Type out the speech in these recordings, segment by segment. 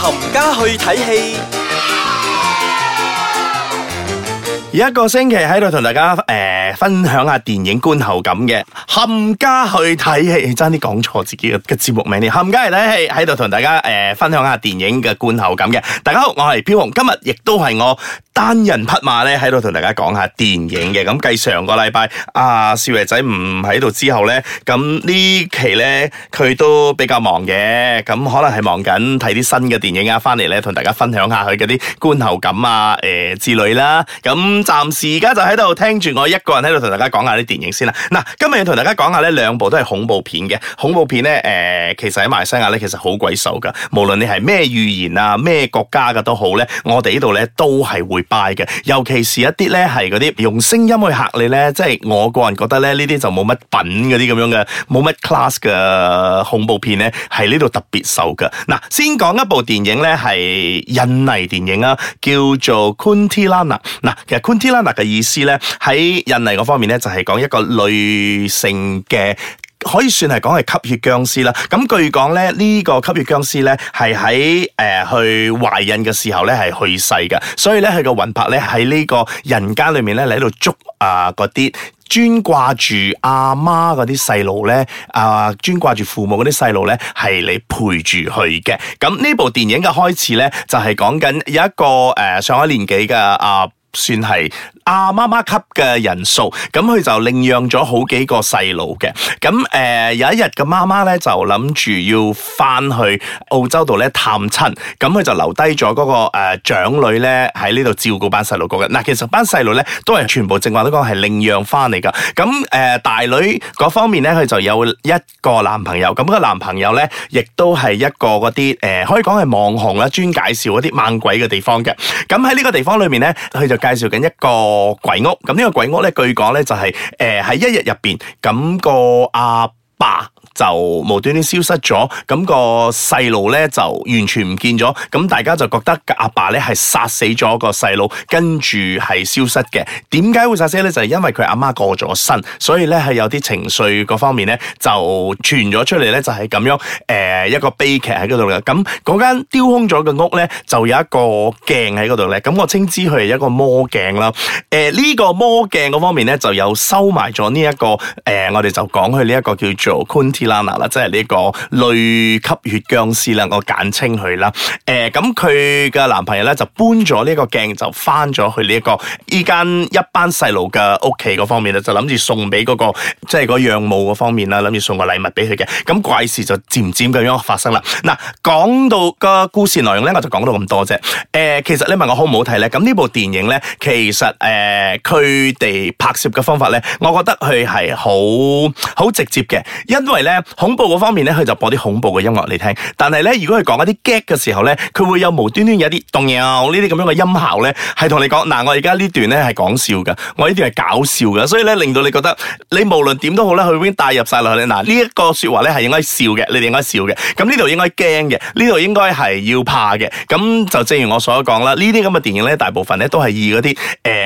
冚家去睇戲。而一個星期喺度同大家誒分享下電影觀後感嘅，冚家去睇戲，爭啲講錯自己嘅嘅節目名添，冚家去睇戲喺度同大家誒分享下電影嘅觀後感嘅。大家好，我係飄紅，今日亦都係我單人匹馬咧喺度同大家講下電影嘅。咁繼上個禮拜阿少爺仔唔喺度之後咧，咁呢期咧佢都比較忙嘅，咁可能係忙緊睇啲新嘅電影啊，翻嚟咧同大家分享下佢嗰啲觀後感啊，誒之類啦，咁。暫時而家就喺度聽住我一個人喺度同大家講下啲電影先啦。嗱，今日要同大家講下呢兩部都係恐怖片嘅恐怖片呢、呃，其實喺馬來西亞，呢，其實好鬼受噶。無論你係咩語言啊，咩國家嘅都好呢，我哋呢度呢都係會 buy 嘅。尤其是一啲呢，係嗰啲用聲音去嚇你呢，即係我個人覺得呢呢啲就冇乜品嗰啲咁樣嘅，冇乜 class 嘅恐怖片呢，係呢度特別受㗎。嗱，先講一部電影呢，係印尼電影啊，叫做 Kuntilanak 嗱，其實 Kuntilanak 嘅意思咧，喺印尼嗰方面咧，就係、是、講一個女性嘅，可以算係講係吸血僵屍啦。咁據講咧，呢、這個吸血僵屍咧，係喺誒去懷孕嘅時候咧，係去世嘅，所以咧佢個魂魄咧喺呢個人間裏面咧，嚟喺度捉啊嗰啲專掛住阿媽嗰啲細路咧啊，專掛住父母嗰啲細路咧，係你陪住佢嘅。咁、呃、呢部電影嘅開始咧，就係講緊有一個誒、呃、上一年紀嘅阿。呃算係阿媽媽級嘅人數，咁佢就領養咗好幾個細路嘅。咁誒有一日嘅媽媽咧，就諗住要翻去澳洲度咧探親，咁佢就留低咗嗰個誒長女咧喺呢度照顧班細路哥嘅。嗱，其實班細路咧都係全部正話都講係領養翻嚟㗎。咁誒大女嗰方面咧，佢就有一個男朋友，咁個男朋友咧亦都係一個嗰啲誒可以講係網紅啦，專介紹嗰啲猛鬼嘅地方嘅。咁喺呢個地方裏面咧，佢就介介紹緊一個鬼屋，咁呢個鬼屋咧，據講咧就係誒喺一日入邊，咁個阿爸。就無端端消失咗，咁個細路咧就完全唔見咗，咁大家就覺得阿爸咧係殺死咗個細路，跟住係消失嘅。點解會殺死咧？就係因為佢阿媽過咗身，所以咧係有啲情緒嗰方面咧就傳咗出嚟咧，就係咁樣誒一個悲劇喺嗰度嘅。咁嗰間丟空咗嘅屋咧，就有一個鏡喺嗰度咧。咁我稱之佢係一個魔鏡啦。誒呢個魔鏡嗰方面咧，就有收埋咗呢一個誒，我哋就講佢呢一個叫做 Kuntilanak 啦啦即係呢個類吸血僵屍啦，我簡稱佢啦。誒、呃，咁佢嘅男朋友咧就搬咗呢個鏡，就翻咗去呢、這個一，那個、一個依間一班細路嘅屋企嗰方面啦，就諗住送俾嗰個即係個養母嗰方面啦，諗住送個禮物俾佢嘅。咁怪事就漸漸咁樣發生啦。嗱、呃，講到個故事內容咧，我就講到咁多啫。誒、呃，其實你問我好唔好睇咧？咁呢部電影咧，其實誒，佢、呃、哋拍攝嘅方法咧，我覺得佢係好好直接嘅，因為咧。恐怖嗰方面咧，佢就播啲恐怖嘅音樂嚟聽。但係咧，如果佢講一啲 gag 嘅時候咧，佢會有無端端有一啲動搖呢啲咁樣嘅音效咧，係同你講，嗱，我而家呢段咧係講笑噶我呢段係搞笑噶所以咧令到你覺得你無論點都好咧，佢已經帶入晒落去咧嗱。呢一個說話咧係應該笑嘅，你哋應該笑嘅。咁呢度應該驚嘅，呢度應該係要怕嘅。咁就正如我所講啦，呢啲咁嘅電影咧，大部分咧都係以嗰啲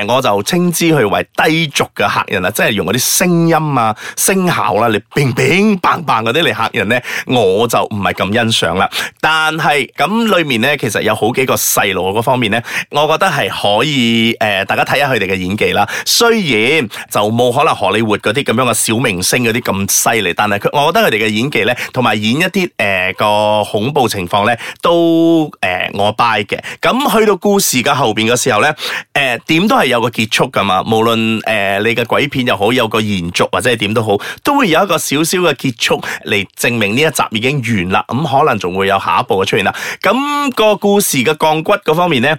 誒，我就稱之佢為低俗嘅客人啦，即係用嗰啲聲音啊、聲效啦嚟並並。扮嗰啲嚟嚇人咧，我就唔係咁欣賞啦。但係咁裏面咧，其實有好幾個細路嗰方面咧，我覺得係可以誒、呃、大家睇下佢哋嘅演技啦。雖然就冇可能荷里活嗰啲咁樣嘅小明星嗰啲咁犀利，但係佢，我覺得佢哋嘅演技咧，同埋演一啲誒、呃、個恐怖情況咧，都誒、呃、我 buy 嘅。咁去到故事嘅後邊嘅時候咧，誒、呃、點都係有個結束噶嘛。無論誒、呃、你嘅鬼片又好，有個延續或者係點都好，都會有一個少少嘅結。速嚟證明呢一集已經完啦，咁可能仲會有下一部嘅出現啦。咁、個故事嘅降骨嗰方面呢，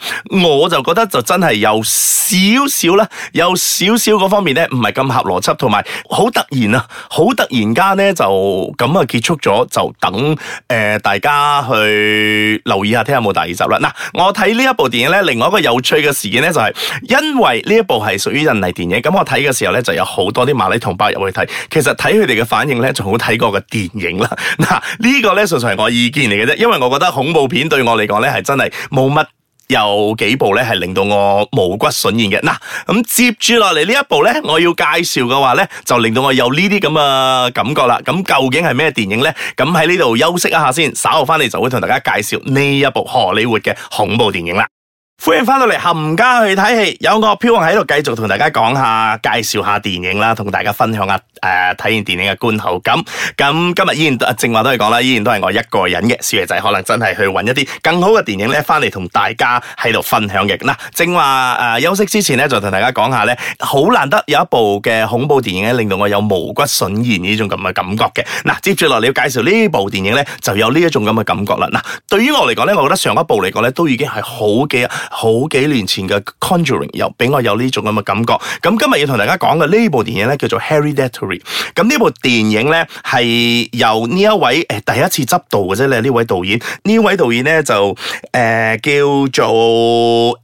我就覺得就真係有少少啦，有少少嗰方面呢，唔係咁合邏輯，同埋好突然啊，好突然間呢，就咁啊結束咗，就等誒大家去留意下，聽下有冇第二集啦。嗱，我睇呢一部電影呢，另外一個有趣嘅事件呢、就是，就係因為呢一部係屬於印尼電影，咁我睇嘅時候呢，就有好多啲麻利同胞入去睇，其實睇佢哋嘅反應呢，仲好睇。美國嘅電影啦，嗱、啊、呢、呢個咧純粹係我意見嚟嘅啫，因為我覺得恐怖片對我嚟講咧係真係冇乜，有幾部咧係令到我毛骨悚然嘅。嗱、啊，咁、嗯、接住落嚟呢一部咧，我要介紹嘅話咧，就令到我有呢啲咁嘅感覺啦。咁、啊、究竟係咩電影咧？咁喺呢度休息一下先，稍後翻嚟就會同大家介紹呢一部荷里活嘅恐怖電影啦。歡迎翻到嚟，冚家去睇戲，有我飄雲喺度繼續同大家講下、介紹下電影啦，同大家分享下誒，睇、呃、完電影嘅觀後感。咁、嗯、今日依然、啊、正話都係講啦，依然都係我一個人嘅小野仔，可能真係去揾一啲更好嘅電影咧，翻嚟同大家喺度分享嘅。嗱，正話誒、呃，休息之前咧，就同大家講下咧，好難得有一部嘅恐怖電影咧，令到我有毛骨悚然呢種咁嘅感覺嘅。嗱，接住落嚟要介紹呢部電影咧，就有呢一種咁嘅感覺啦。嗱，對於我嚟講咧，我覺得上一部嚟講咧，都已經係好嘅。好幾年前嘅 Conjuring 有俾我有呢種咁嘅感覺，咁今日要同大家講嘅呢部電影咧，叫做 Hereditary。咁呢部電影咧係由呢一位誒第一次執導嘅啫咧，呢位導演，呢位導演咧就誒、呃、叫做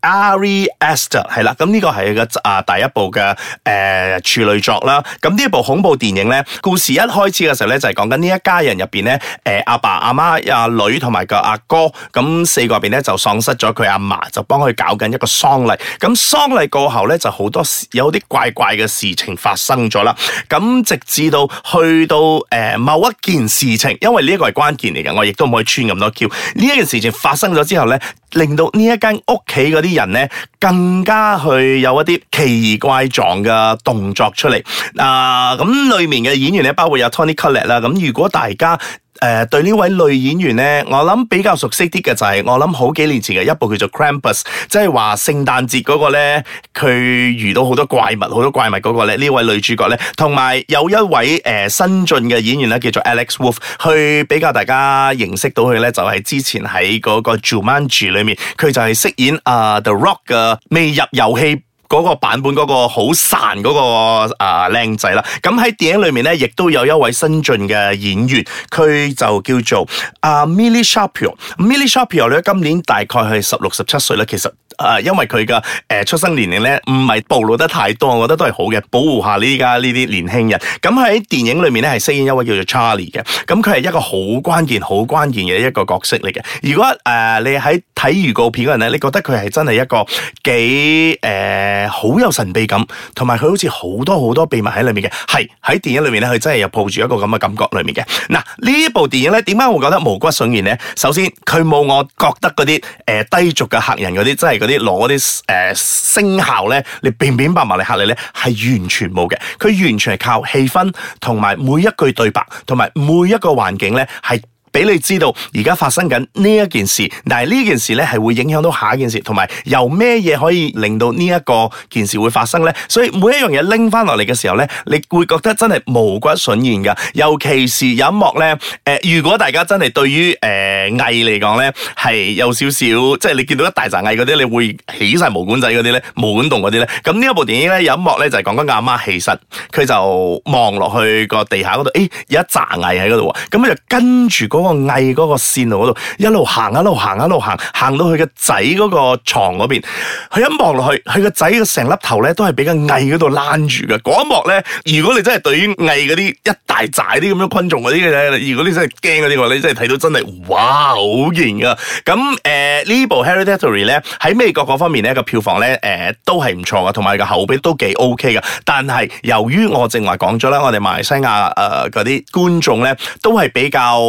Ari Aster 係啦，咁呢個係佢嘅啊第一部嘅誒、呃、處女作啦，咁呢部恐怖電影咧，故事一開始嘅時候咧就係講緊呢一家人入邊咧，誒、呃、阿爸阿媽阿女同埋個阿哥，咁四個入邊咧就喪失咗佢阿嫲就。幫佢搞緊一個喪禮，咁喪禮過後咧就好多有啲怪怪嘅事情發生咗啦，咁直至到去到誒某一件事情，因為呢一個係關鍵嚟嘅，我亦都唔可以穿咁多 Q。呢一件事情發生咗之後咧，令到呢一間屋企嗰啲人咧更加去有一啲奇怪狀嘅動作出嚟。嗱，呃，咁裏面嘅演員咧包括有 Toni Collette 啦。咁如果大家誒、呃、對呢位女演員呢，我諗比較熟悉啲嘅就係、是、我諗好幾年前嘅一部叫做《Krampus》即係話聖誕節嗰個呢，佢遇到好多怪物，好多怪物嗰個呢。呢位女主角呢，同埋有，有一位誒、呃、新晉嘅演員呢，叫做 Alex Wolf，去比較大家認識到佢呢，就係、是、之前喺嗰個《Jumanji》裏面，佢就係飾演阿、呃、The Rock 嘅未入遊戲。嗰、那個版本嗰個好散嗰、那個啊靚仔啦，咁、呃、喺電影裏面呢，亦都有一位新晉嘅演員，佢就叫做啊 Milly Shapiro，Milly Shapiro 呢，Shapiro，今年大概係十六十七歲啦，其實。啊，因為佢嘅誒出生年齡咧唔係暴露得太多，我覺得都係好嘅，保護下呢家呢啲年輕人。咁喺電影裏面咧係飾演一位叫做 Charlie 嘅，咁佢係一個好關鍵、好關鍵嘅一個角色嚟嘅。如果誒、呃、你喺睇預告片嗰陣咧，你覺得佢係真係一個幾誒好有神秘感，同埋佢好似好多好多秘密喺裏面嘅。係喺電影裏面咧，佢真係又抱住一個咁嘅感覺裏面嘅。嗱，呢一部電影咧，點解會覺得毛骨悚然咧？首先佢冇我覺得嗰啲誒低俗嘅客人嗰啲，真係啲攞啲誒聲效咧，你便便白麻嚟嚇你咧，係完全冇嘅。佢完全係靠氣氛同埋每一句對白同埋每一個環境咧，係。俾你知道而家發生緊呢一件事，但係呢件事咧係會影響到下一件事，同埋由咩嘢可以令到呢一個件事會發生咧？所以每一樣嘢拎翻落嚟嘅時候咧，你會覺得真係毛骨悚然㗎。尤其是有一幕咧，誒、呃、如果大家真係對於誒蟻嚟講咧，係、呃、有少少，即係你見到一大扎蟻嗰啲，你會起晒毛管仔嗰啲咧，毛管洞嗰啲咧。咁呢一部電影咧有一幕咧就係講緊阿媽，媽起，其實佢就望落去個地下嗰度，誒、欸、有一扎蟻喺嗰度喎，咁就跟住嗰。嗰、嗰個蟻嗰個線路嗰度，一路行一路行一路行，行到佢個仔嗰個床嗰邊，佢一望落去，佢個仔嘅成粒頭咧都係比較蟻嗰度攬住嘅。嗰一幕咧，如果你真係對於蟻嗰啲一大寨啲咁樣昆蟲嗰啲嘅，如果你真係驚嘅話，你真係睇到真係哇好型㗎。咁誒、呃、呢部 Hereditary 咧喺美國嗰方面咧個票房咧、呃、都係唔錯嘅，同埋個口碑都幾 OK 嘅。但係由於我正話講咗啦，我哋馬來西亞嗰啲、呃、觀眾咧都係比較。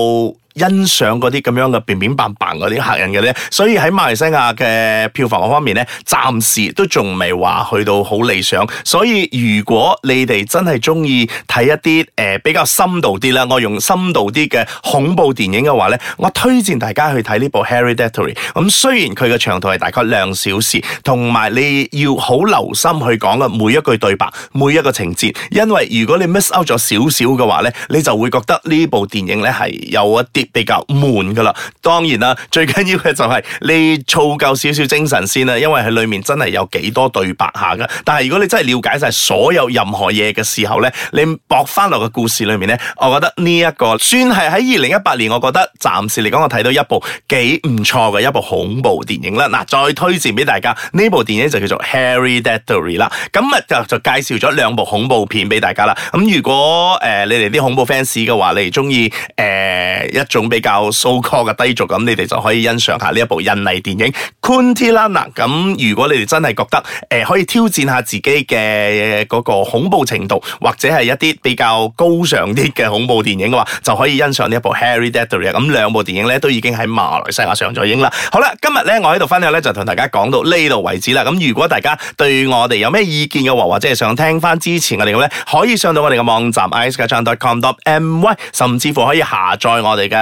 欣賞嗰啲咁樣嘅面面白白啲客人嘅咧，所以喺馬來西亞嘅票房方面咧，暫時都仲未話去到好理想。所以如果你哋真係中意睇一啲誒、呃、比較深度啲啦，我用深度啲嘅恐怖電影嘅話咧，我推薦大家去睇呢部《Hereditary》咁雖然佢嘅長度係大概兩小時，同埋你要好留心去講嘅每一句對白、每一個情節，因為如果你 miss out 咗少少嘅話咧，你就會覺得呢部電影咧係有一啲。比較悶噶啦，當然啦，最緊要嘅就係你儲夠少少精神先啦，因為喺裏面真係有幾多對白下噶。但係如果你真係了解晒所有任何嘢嘅時候呢，你博翻落個故事裏面呢，我覺得呢、這、一個算係喺二零一八年，我覺得暫時嚟講，我睇到一部幾唔錯嘅一部恐怖電影啦。嗱，再推薦俾大家呢部電影就叫做《Hereditary》啦。咁啊就就介紹咗兩部恐怖片俾大家啦。咁如果誒、呃、你哋啲恐怖 fans 嘅話，你哋中意誒一。仲比較粗 l 嘅低俗咁，你哋就可以欣賞下呢一部印尼電影《q u e n t l a n 啦。咁如果你哋真係覺得誒、呃、可以挑戰下自己嘅嗰個恐怖程度，或者係一啲比較高尚啲嘅恐怖電影嘅話，就可以欣賞呢一部《Harry d e x t 咁兩部電影咧都已經喺馬來西亞上咗映啦、嗯。好啦，今日咧我喺度分享咧就同大家講到呢度為止啦。咁如果大家對我哋有咩意見嘅話，或者係想聽翻之前我哋嘅咧，可以上到我哋嘅網站 isgchannel.com.my，甚至乎可以下載我哋嘅。誒，呢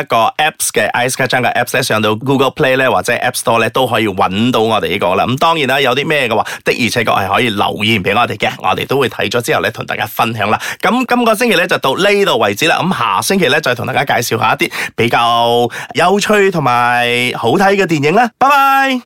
一個 apps 嘅 ice kitchen 嘅 apps 咧，上到 Google Play 咧或者 App Store 咧，都可以揾到我哋呢個啦。咁當然啦，有啲咩嘅話，的而且確係可以留言俾我哋嘅，我哋都會睇咗之後咧，同大家分享啦。咁、嗯、今個星期咧就到呢度為止啦。咁、嗯、下星期咧再同大家介紹一下一啲比較有趣同埋好睇嘅電影啦。拜拜。